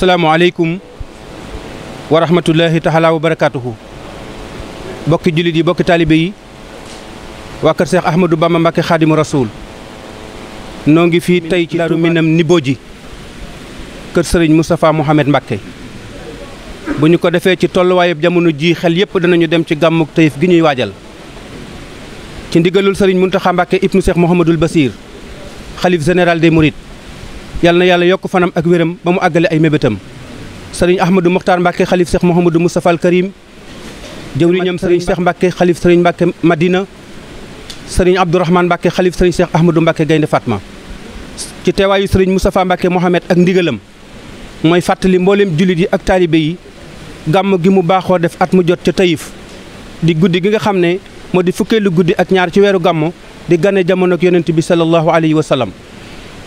asalaamaaleykum wa rahmatullahi taala wa barakaatuhu bokki jullit yi bokki taalibe yi waa kër Seex Ahmadou Bamba Mbakke Xaadimu Rasuul noo ngi fii tey ci Daaru Minam ji kër Sëriñ Moustapha Mouhamed Mbakke bu ñu ko defee ci tolluwaayub jamono ji xel yépp danañu dem ci gàmmuk Taïf gi ñuy waajal ci ndigalul Sëriñ Muntaxa Mbakke ibnu Seex Mouhamadul Basir xalif général des Mourides yàlla na yàlla yokk fanam ak wéram ba mu àggale ay mébétam sëriñ ahmadou moxtaar mbàkke xalif seex mouhamadou moustapha al karim jëwriñam sëriñ seex mbàkke xalif sëriñ mbàkke madina sëriñ abdourahman mbàkke xalif sëriñ seex ahmadou mbàkke gaynde fatma ci teewaayu sëriñ moustapha mbàkke mohamed ak ndigalam mooy fàttali mbooleem jullit yi ak taalibe yi gàmm gi mu baaxoo def at mu jot ca tayif di guddi gi nga xam ne moo di fukkeelu guddi ak ñaar ci weeru gàmmu di gane jamono ak yonent bi sallallahu alayhi wa sallam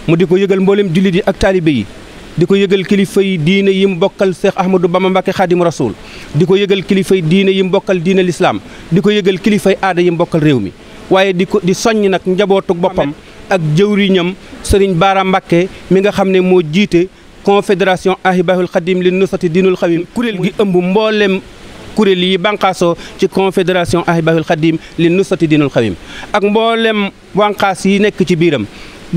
mu di ko yëgal mboolem jullit yi ak taalibe yi di ko yëgal kilifa yi diine yi mu bokkal Seex Ahmadou Bamba Mbàkke Xaadimu Rasuul di ko yëgal kilifay diina diine yi mu bokkal diine lislaam di ko yëgal kilifay aada yi mu bokkal réew mi waaye di ko di soññ nag njabootu boppam ak jëwriñam Sëriñ Baara Mbàkke mi nga xam ne moo jiite confédération ahibahul xadim li nusati diinul xawim kuréel gi ëmb mboolem kuréel yi bànqaasoo ci confédération ahibahul xadim li nusati diinul xawim ak mboolem bànqaas yi nekk ci biiram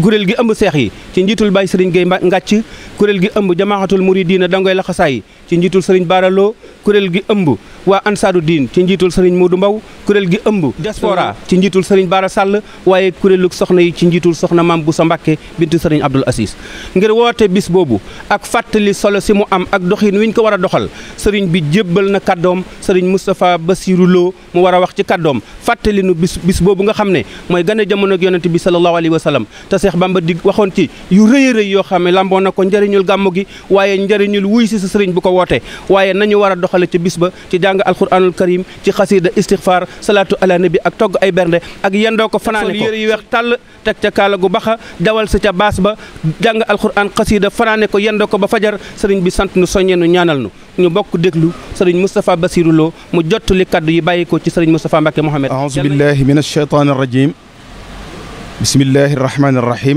kuréel gi ëmb seex yi ci njiitul Baye Serigne Gueye Ngàcc kuréel gi ëmb jamaaxatul muridina dangoy laxasaay ci njiitul sëriñ Baaraloo kuréel gi ëmb waa Ansaaru Diin ci njiitul sëriñ Moodu Mbaw kuréel gi ëmb diaspora ci njiitul sëriñ Baara Sàll waaye kuréelu soxna yi ci njiitul soxna maam bu sa Mbàkke bintu sëriñ Abdul Asiis ngir woote bis boobu ak fàttali solo si mu am ak doxin wi ñu ko war a doxal sëriñ bi jébbal na kàddoom sëriñ Moustapha Bassirou Lo mu war a wax ci kàddoom fàttali nu bis bis boobu nga xam ne mooy gane jamono ak yonent bi sallallahu alayhi wa sallam te Seex waxoon yu rëy yoo xam ne lamboon na ko njëriñul gàmmu gi waaye njëriñul wuy si sa sëriñ bu ko woote waaye nañu war a doxale ci bis ba ci jàng alquranul karim ci xasida istixfar salaatu ala nabi ak togg ay bernde ak yendoo ko fanaane ko yére yi weex tàll teg ca kaala gu baxa dawal sa ca baas ba jàng alquran xasida fanaane ko yendoo ko ba fajar sëriñ bi sant nu soññee nu ñaanal nu ñu bokk déglu sëriñ Moustapha Bassirou Lo mu jottali kaddu yi bàyyi ko ci sëriñ Moustapha Mbacke Mohamed aouzu billahi min ashaytaan arrajim bismillahi arrahmani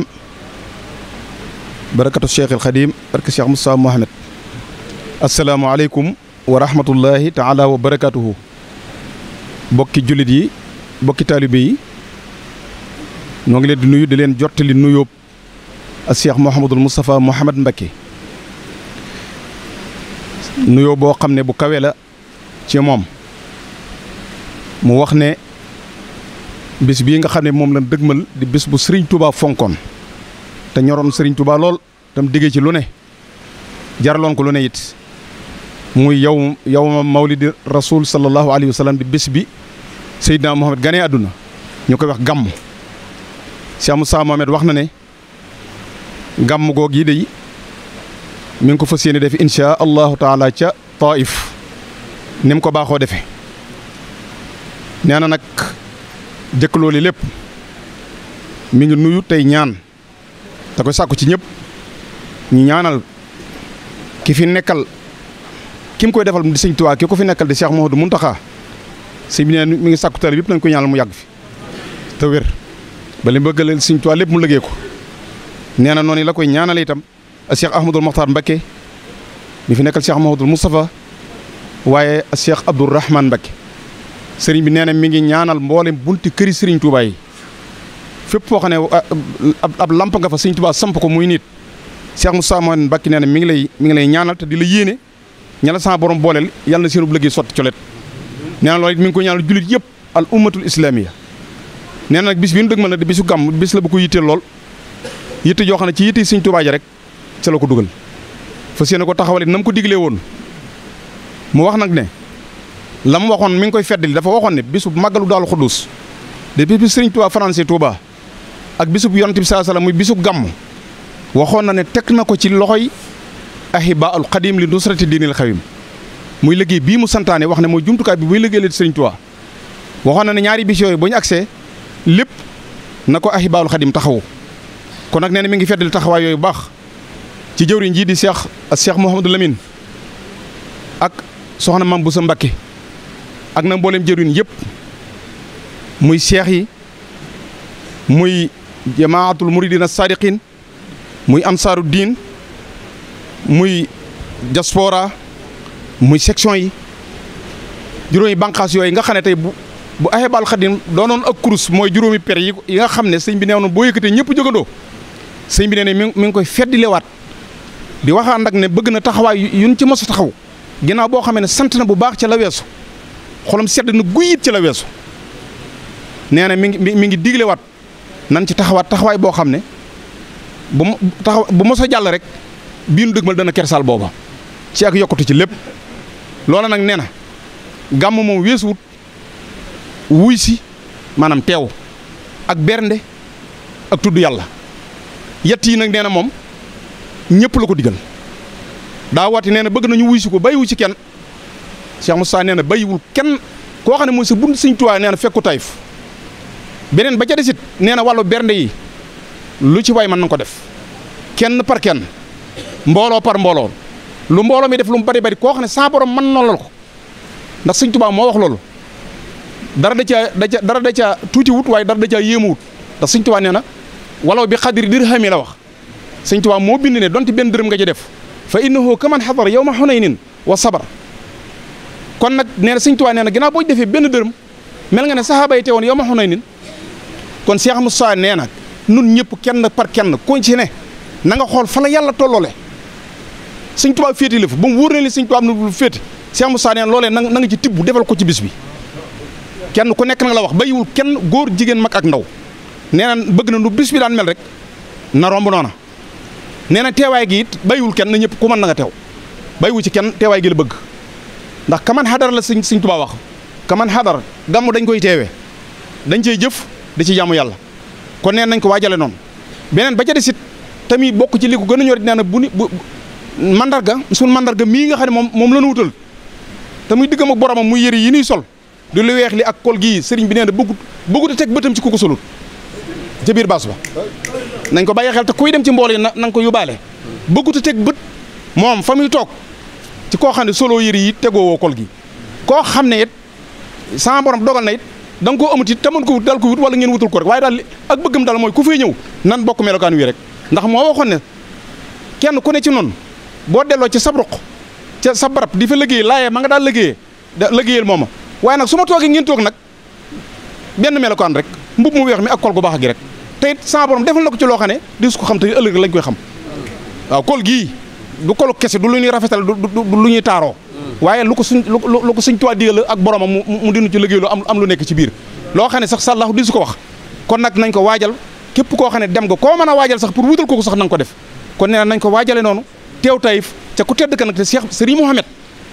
asalaamaaleykum wa rahmatullahi taala wa barakaatuhu bokki jullit yi bokki taalibe yi ñoo ngi leen di nuyu di leen jottali nuyóob a Cheikh Mouhamadul Moustapha Mouhamad Mbacké nuyoo boo xam ne bu kawee la ci moom mu wax ne bis bii nga xam ne moom lañ dëgmal di bis bu sëriñ Touba fonkoon te ñoroon sëriñ tubaa lool tam diggee ci lu ne jaraloon ko lu ne it muy yow yow mawlidi rasul sallallahu alayhi wa sallam di bés bi Seydina Mohamed ganee àdduna ñu koy wax gàmm Cheikh Moussa Mohamed wax na ne gàmm goog yi day mi ngi ko fas yéene def insha allahu taala ca Taif ni mu ko baaxoo defee nee na nag jëkk loolu lépp mi ngi nuyu tey ñaan da koy sàkku ci ñëpp ñu ñaanal ki fi nekkal. kim koy defal di sëñ Tuubaa ki ko fi nekkal di Cheikh Mouhamadou Mountakha sëñ bi neen mi ngi sàkku tali yëpp nañ ko ñaanal mu yàgg fi te wér ba li mu bëgg leen mu liggéey ko nee na noonu la koy ñaanale itam Cheikh Ahmadul Mokhtar Mbacké mi fi nekkal Cheikh Mouhamadou Moustapha waaye Cheikh Abdoul Rahman Mbacké sëriñ bi nee na mi ngi ñaanal mboolem bunti këri sëriñ Tuubaa yi fépp foo xam ne ah, ab lamp nga fa sëriñ Tuubaa samp ko muy nit Cheikh Moustapha Mouhamed Mbacké nee na mi ngi lay mi ngi lay ñaanal di la yéene ñala sa borom booleel yàlla na seen ub liggéey sotti colet nee na loolu it mi ngi ko ñaanal jullit yëpp al ummatul islamiya nee na nag bis bi ñu dëgg mën na bisu gàmm bis la bu ko yitteel lool yitte joo xam ci yitte Sëñ Tuubaa ji rek ca la ko dugal fas yéene ko taxawale na mu ko diglee woon mu wax nag ne la mu waxoon mi ngi koy feddali dafa waxoon ne bisu màggalu daalu xuddus de bis bi Sëriñ Tuubaa français Tuubaa ak bisub yonent bi saa salaam muy bisub gàmm waxoon na ne teg na ko ci loxoy ahibaa al xadim li nusrati diinil xawim muy liggéey bii mu santaane wax ne mooy jumtukaay bi muy liggéeyal Sëriñ Tuubaa waxoon na ne ñaari bis yooyu bu ñu agsee lépp na ko ahibaa al taxawu kon nag nee na mi ngi li taxawaay yooyu baax ci jëwriñ ji di Cheikh Cheikh Mouhamadou Lamine ak soxna Mame Boussa Mbacké ak na mboolem jëwriñ yëpp muy seex yi muy jamaatul muridina sadiqin muy ansaaru diin muy diaspora muy section yi juróomi bànqaas yooyu nga xam ne tey bu bu Ahibahil doo noonu ak kurus mooy juróomi per yi yi nga xam ne sëñ bi nee woon boo yëkkatee ñëpp jógandoo sëñ bi nee ne mi ngi koy feddilewaat di waxaan nag ne bëgg na taxawaay yuñ ci mos taxaw ginnaaw boo xamee sant na bu baax ca la weesu xolam sedd na guyit ci la weesu nee na mi ngi mi ngi diglewaat nan ci taxawaat taxawaay boo xam ne bu taxaw bu mos a jàll rek. bii nu mal dana kersaal booba ci ak yokkute ci lépp loola nag nee na gàmm moom weesuwut wuy si maanaam teew ak bernde ak tudd yàlla yett yi nag nee na moom ñëpp la ko digal daawati wati nee bëgg nañu wuy ko bàyyiwu ci kenn Cheikh Moussa nee na bàyyiwul kenn koo xam ne mooy sa bunt Sëñ Tuubaa nee na fekku tayf beneen ba ca desit nee na wàllu bernde yi lu ci waay mën na ko def kenn par kenn mbooloo par mbooloo lu mbooloo mi def lu mu bari bari koo xam ne saa borom mën na la ko ndax sëñ moo wax loolu dara da caa da caa dara da caa tuuti wut waaye dara da caa yéemu wut ndax sëñ Tuubaa nee na walaw bi xadri dirhami la wax sëñ Tuubaa moo bind ne donte benn dërëm nga ci def fa innahu kaman xadar yow ma xunaynin wa sabar kon nag nee na sëñ Tuubaa nee na boo defee benn dërëm mel nga ne saxaaba yi teewoon yow ma xunaynin kon Cheikh Moussa nee na nun ñëpp kenn par kenn kuñ ci na nga xool fa la yàlla tolloole sëñ Tuubaa féete la ba mu wóor na li sëñ Tuubaa am na lu féete Cheikh Moussa neen loolee na nga ci tibb defal ko ci bis bi kenn ku nekk na la wax bàyyiwul kenn góor jigéen mag ak ndaw nee bëgg na lu bis bi daan mel rek na romb noona nee na teewaay gi it bàyyiwul kenn na ñëpp ku man na nga teew bàyyiwu ci kenn teewaay gi la bëgg ndax kaman xadar la sëñ sëñ Tuubaa wax kaman xadar gàmmu dañ koy teewee dañ cey jëf da ci jaamu yàlla kon neen nañ ko waajale noonu beneen ba ca bokk ci li gën a ñor nee mandarga suñ mandarga mii nga xam ne moom moom la nu wutal te muy diggam ak boromam muy yére yi nuy sol di lu weex li ak kol gii sëriñ bi nee na bëggut bëggut a teg bëtam ci ku ko solul ca biir baas ba ko bàyyi xel te kuy dem ci mbool yi na ko yóbbaale bëggut teg bët moom fa muy toog ci koo xam ne solo yére yi tegoo woo kol gi koo xam ne it sama borom dogal na it da koo amut it te mën ko wut dal ko wut wala ngeen wutal ko rek waaye daal ak bëggam dal mooy ku fay ñëw nan bokk melokaan wi rek ndax moo waxoon ne kenn ku ne ci noonu boo delloo ci sab ruq ca barab di fa liggéey laayee ma nga daal liggéeyee da liggéeyal ma waaye nag su ma toogee ngeen toog nag benn melokaan rek mbub mu weex mi ak kol gu baax gi rek te it sama na ko ci loo xam ne di su ko xam te ëllëg lañ koy xam waaw kol gii du kolu kese du lu ñuy rafetal du lu ñuy taaroo waaye lu ko suñ lu ko suñ tuwi digal ak boromam mu dinu ci liggéey lu am lu nekk ci biir loo xam ne sax sàllahu di su ko wax kon nag nañ ko waajal képp koo xam ne dem nga koo mën a waajal sax pour wutal ko sax na nga ko def kon nee na nañ ko waajale noonu teew Taïf ca ku tedd ka nag te Cheikh Serigne Mohamed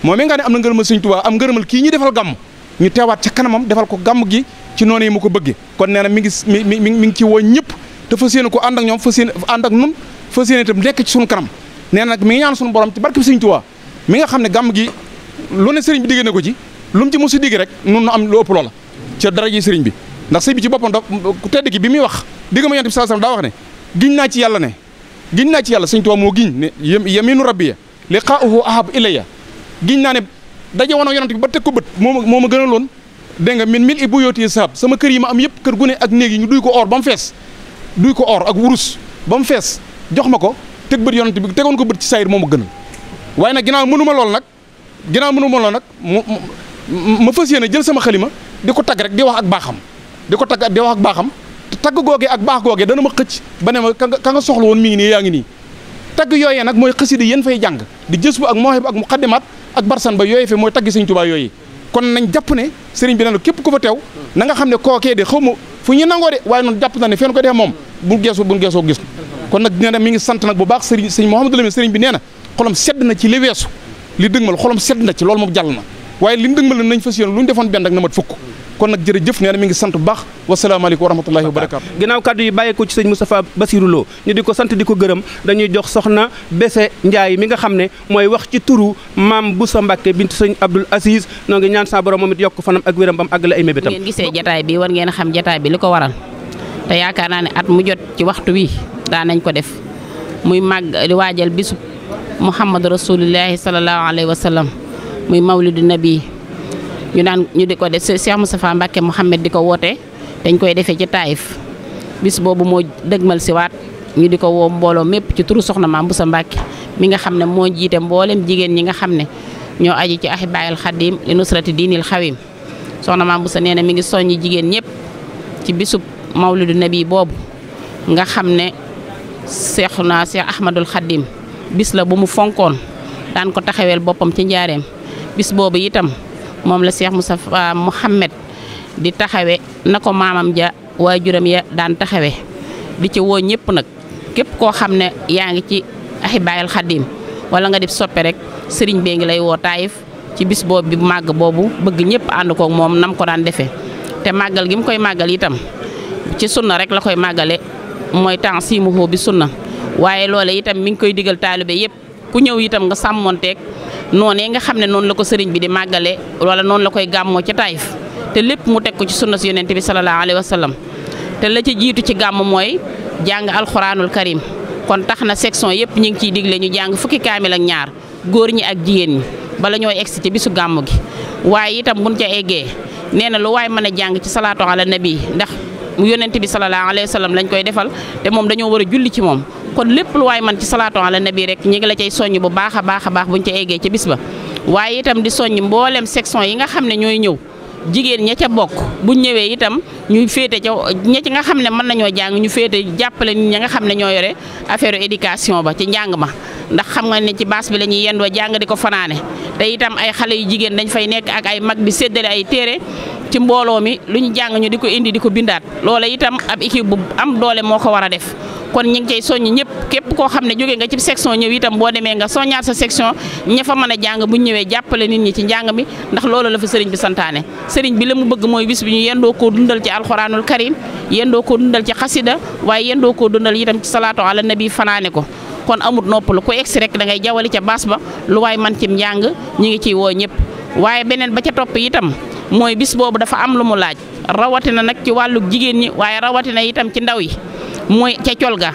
moo mi nga ne am na ngërëmal Serigne Touba am ngërëmal kii ñuy defal gàmm ñu teewaat ca kanamam defal ko gàmm gi ci noonu yi mu ko bëggee kon nee mi ngi mi mi mi ngi ci woo ñëpp te fas yéene ko ànd ak ñoom fas nekk ci suñu kanam nee nag mi ngi ñaan suñu borom ci barke Serigne mi nga xam ne gàmm gi lu ne sëriñ bi digg ko ci lu mu ci mosu rek nun nu am lu ëpp loola ca dara ji sëriñ bi ndax sëriñ bi ci boppam ku tedd ki bi muy wax digg ma yonent bi sallallahu alayhi daa wax ne giñ naa ci yàlla ne giñ naa ci yàlla sëñ Tuubaa moo giñ ne yaminu rabbiya liqaa'uhu ahab ilayya giñ naa ne daje woon ak yonent bi ba teg ko bët moo moo ma gënaloon dégg nga min mil i bu yootee saab sama kër yi ma am yëpp kër gu ne ak néeg yi ñu duy ko oor ba mu fees duy ko or ak wurus ba mu fees jox ma ko teg bët yonent bi tegoon ko bët ci saayir moo ma gënal waaye nag ginaa mënuma lool nag ginaa mënu ma lool nag ma fas yéene jël sama xalima di ko tag rek di wax ak baaxam di ko tagg di ak baaxam tagg googe ak baax googe dana ma xëcc ba ne ma ka nga soxla woon mi ngi nii yaa ngi nii tagg yooyee nag mooy xasida yéen fay jàng di jës bu ak mooxib ak muqaddimat ak barsan ba yooyu fi mooy tagg sëñ Tuubaa yooyu kon nañ jàpp ne sëriñ bi képp ku fa teew na nga xam ne kookee de xaw ma fu ñu nangoo de waaye noonu jàpp na ne fenn ko def moom bu geesoo bu geesoo gis kon nee na mi ngi sant nag bu baax sëriñ sëñ Mouhamadou Lamine sëriñ bi nee na xolam sedd na ci li weesu li dëgmal xolam sedd na ci loolu moom jàll na waaye li dëgmal nañ fas yéene lu ñu defoon benn ak na mat fukk kon nag jërëjëf nee na mi ngi sant bu baax wasalaamaaleykum wa rahmatullahi wa barakaatu ginnaaw kaddu yi bàyyeekoo ci sëñ Moustapha Bassirou Lo ñu di ko sant di ko gërëm dañuy jox soxna Bese Ndiaye mi nga xam ne mooy wax ci turu maam bu sa Mbacke bint sëñ Abdoul Aziz noo ngi ñaan sa borom moom it yokk fanam ak wéram bam àggale ay mébétam ngeen gisee jataay bi war ngeen xam jataay bi li ko waral te yaakaar naa ne at mu jot ci waxtu wi daan nañ ko def muy màgg di waajal bisu Muhammad Rasulullahi sallallahu alayhi wa sallam muy mawlidu nabi ñu daan ñu di ko def mu Moustapha Mbacke Mouhamed di ko woote dañ koy defee ci Taïf bis boobu moo dëgmal si waat ñu di ko woo mbooloo mépp ci turu soxna Maam Boussa Mbacke mi nga xam ne moo jiite mboolem jigéen ñi nga xam ne ñoo aji ci Ahibaayil Xadim li nusrati diinil xawim soxna Maam Boussa nee na mi ngi soññi jigéen ñëpp ci bisub mawlidu nabi boobu nga xam ne seexu naa seex Ahmadul Xadim bis la bu mu fonkoon daan ko taxaweel boppam ci njaareem bis boobu itam. moom la Cheikh Moustapha euh, Mouhamed di taxawe na ko maamam ja waajuram ya daan taxawe di ci woo ñëpp nag képp koo xam ne yaa ngi ci Ahibahil Khadim wala nga def soppe rek sëriñ bee ngi lay woo taayif ci bis boobu bi màgg boobu bëgg ñëpp ànd kook moom nam ko daan defee te màggal gi mu koy màggal itam ci sunna rek la koy màggale mooy temps siimuhoo bi sunna waaye loole itam mi ngi koy digal taalibe yëpp ku ñëw itam nga sàmmonteeg noonee nga xam ne noonu la ko sëriñ bi di màggale wala noonu la koy gàmmoo ca Taïf te lépp mu teg ko ci sunna si yonent bi salallaahu alayhi wa sallam te la ca jiitu ci gàmm mooy jàng alxuraanul karim kon tax na sections yëpp ñu ngi ciy digle ñu jàng fukki kaamil ak ñaar góor ñi ak jigéen ñi bala ñooy egsi ci bisu gàmm gi waaye itam buñ ca eggee nee na lu waay mën a jàng ci salaatu ala nabi ndax mu yonent bi salallaahu alayhi wa sallam lañ koy defal te moom dañoo war a julli ci moom kon lépp lu waay man ci salaatu ala nabi rek ñu ngi la cay soññ bu baax a baax a buñ ca eggee ca bis ba waaye itam di soññ mboolem section yi nga xam ne ñooy ñëw jigéen ña ca bokk buñ ñëwee itam ñu féete ca ña nga xam ne mën nañoo jàng ñu féete jàppale ñi nga xam ne ñoo yore affaire éducation ba ci njàng ma ndax xam nga ni ci baas bi la ñuy yendoo jàng di ko fanaane te itam ay xale yu jigéen dañ fay nekk ak ay mag bi séddale ay téere ci mbooloo mi lu ñu jàng ñu di ko indi di ko bindaat loola itam ab équipe bu am doole moo ko war a def kon ñu ngi cay soññ ñëpp képp koo xam ne jóge nga ci section ñëw itam boo demee nga soññaat sa section ña fa mën a jàng bu ñëwee jàppale nit ñi ci njàng mi ndax loolu la fa sëriñ bi santaane sëriñ bi la mu bëgg mooy bis bi ñu yendoo koo dundal ci alxuraanul karim yendoo ko dundal ci xasida waaye yendoo koo dundal itam ci salaatu ala nabi fanaane ko kon amut lu ku egsi rek da ngay jawali ca baas ba lu waay man cim njàng ñu ngi ciy woo ñëpp waaye beneen ba ca topp itam mooy bis boobu dafa am lu mu laaj rawatina nag ci wàllu jigéen ñi waaye rawatina itam ci ndaw yi mooy ca col ga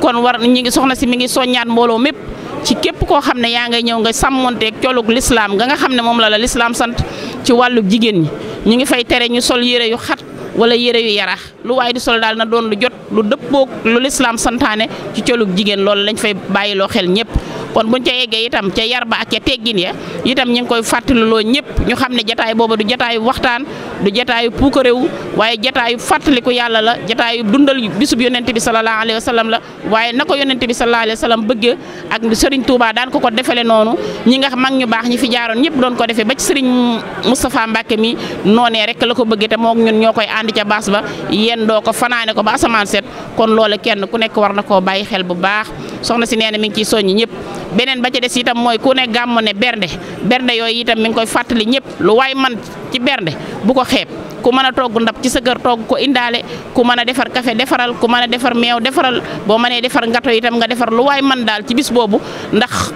kon war ñi ngi soxna si mi ngi soññaat mbooloo mépp ci képp koo xam ne yaa ngay ñëw nga sàmmonteeg colug lislaam nga nga xam ne moom la la lislaam sant ci wàllu jigéen ñi ñu ngi fay tere ñu sol yére yu xat wala yére yu yaraax lu waaye di sol daal na doon lu jot lu dëppoog lu lislaam santaane ci colug jigéen loolu lañ fay bàyyiloo xel ñëpp kon buñ ca yeggee itam ca yar ak ca teggin ya itam ñu ngi koy fàttaliloo ñëpp ñu xam ne jataay booba du jataayu waxtaan du jataayu puukarewu waaye jataayu fàttaliku yàlla la jataayu dundal bisub yonent bi sallallahu alayhi wa sallam la waaye na ko yonent bi sallallahu alayhi wa bëgg ak Serigne Touba daan ko ko defele noonu ñi nga mag ñu baax ñi fi jaaroon ñëpp doon ko defee ba ci Serigne Moustapha Mbacke mi noonee rek la ko bëgg te moom ñun ñoo koy ànd andi ca baas ba yéen doo ko fanaane ko ba asamaan set kon loola kenn ku nekk war na koo bàyyi xel bu baax soxna si nee na mi ngi ciy soññ ñëpp beneen ba ca des itam mooy ku ne gàmm ne bernde bernde yooyu itam mi ngi koy fàttali ñëpp lu waay man ci bernde bu ko xeeb ku mën a togg ndab ci sa kër togg ko indaale ku mën a defar kafe defaral ku mën a defar meew defaral boo mënee defar ngato itam nga defar lu waay man daal ci bis boobu ndax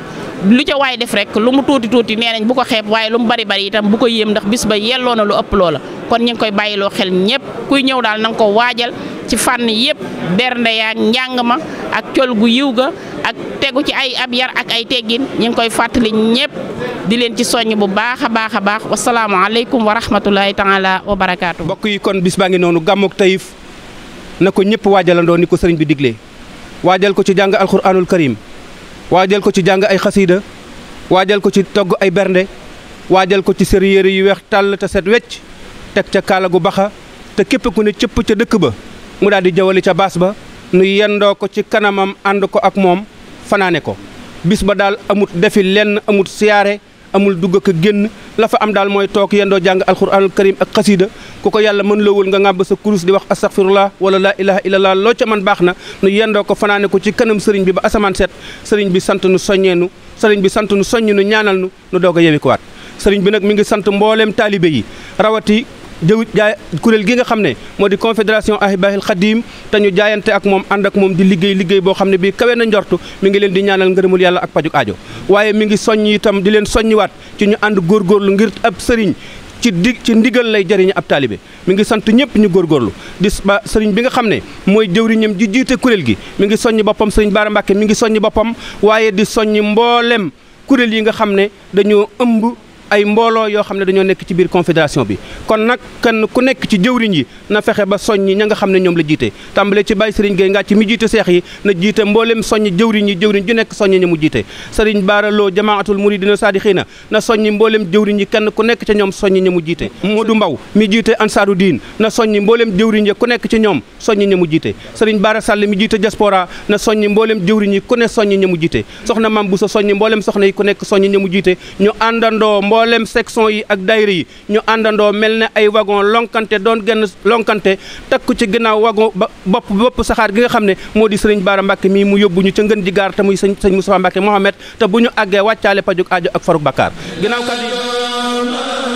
lu ca waay def rek lu mu tuuti tuuti nee nañ bu ko xeeb waaye lu mu bari bari itam bu ko yéem ndax bis ba yelloo na lu ëpp loola kon ñu ngi koy bàyyiloo xel ñëpp kuy ñëw daal na ko waajal ci fànn yëpp bernde yaa njàng ma ak col gu yiw ga ak tegu ci ay ab yar ak ay teggin ñu ngi koy fàttali ñëpp di leen ci soññ bu baax a baax a baax wasalaamaaleykum wa rahmatulahi taala wa barakaatu. mbokk yi kon bis baa ngi noonu gàmmook tayif na ko ñëpp waajalandoo ni ko sëriñ bi diglee waajal ko ci jàng alxuraanul karim waajal ko ci jàng ay xasiida waajal ko ci togg ay bernde waajal ko ci sër yére yu weex tàll te set wecc teg ca kaala gu baxa te képp ku ne cëpp ca dëkk ba mu daal di jawali ca baas ba nu yendoo ko ci kanamam ànd ko ak moom fanaane ko bis ba daal amut defi lenn amut siyaare amul dugg ak génn la fa am daal mooy toog yendoo jàng alxuraanul karim ak xasiida ku ko yàlla la lawul nga ngàbb sa kurus di wax astaxfirullah wala laa ilaha illallah loo ca man baax na nu yendoo ko fanaane ko ci kanam sëriñ bi ba asamaan set sëriñ bi sant nu soññeenu sëriñ bi sant nu soññi nu ñaanal nu nu doog a yewi ko waat sëriñ bi nag mi ngi sant mbooleem taalibe yi rawati jëw jaay kuréel gi nga xam ne moo di confédération ahibahil xadim te ñu jaayante ak moom ànd ak moom di liggéey liggéey boo xam ne bii kawe na mu ngi leen di ñaanal ngërëmul yàlla ak pajuk aajo waaye mi ngi soññ itam di leen soññiwaat ci ñu ànd góorgóorlu ngir ab sëriñ ci di ci ndigal lay jëriñu ab taalibe mi ngi sant ñëpp ñu góor góorlu di ba sëriñ bi nga xam ne mooy jëwriñam ji jiite kuréel gi mi ngi soññ boppam sëriñ Baara Mbàkke mu ngi soññ boppam waaye di soññ mboolem kuréel yi nga xam ne dañoo ëmb ay mbooloo yoo xam ne dañoo nekk ci biir confédération bi kon nag kenn ku nekk ci jëwriñ yi na fexe ba soññi ña nga xam ne ñoom la jiite tàmbale ci Baye Serigne Gueye nga ci mi jiite seex yi na jiite mbooleem soññi jëwriñ yi jëwriñ ju nekk soññ ña mu jiite Serigne Bara Lo jamaatul muridina saadixiina na soññi mbooleem jëwriñ yi kenn ku nekk ñoom soññi ña mu jiite Modou Mbaw mi jiite Ansaaru Diin na soññi mbooleem jëwriñ yi ku nekk ci ñoom soññi ña mu jiite Serigne Bara Sall mi jiite diaspora na soññi mbooleem jëwriñ yi ku ne soññi ña mu jiite soxna Mam Bousso soññi mbooleem soxna yi ku nekk soññi ña mu jiite ñu àndandoo mboolem section yi ak daayira yi ñu àndandoo mel ne ay wagon lonkante doon genn lonkante takku ci ginnaaw wagon ba bopp bopp saxaar gi nga xam ne moo di sëriñ Baara Mbàkke mi mu yóbbu ñu ca ngën ji gaar te muy sëñ sëñ Moustapha Mbàkke Mohamed te bu ñu àggee wàccaale pajuk ajo ak faruk bakkaar ginnaaw kat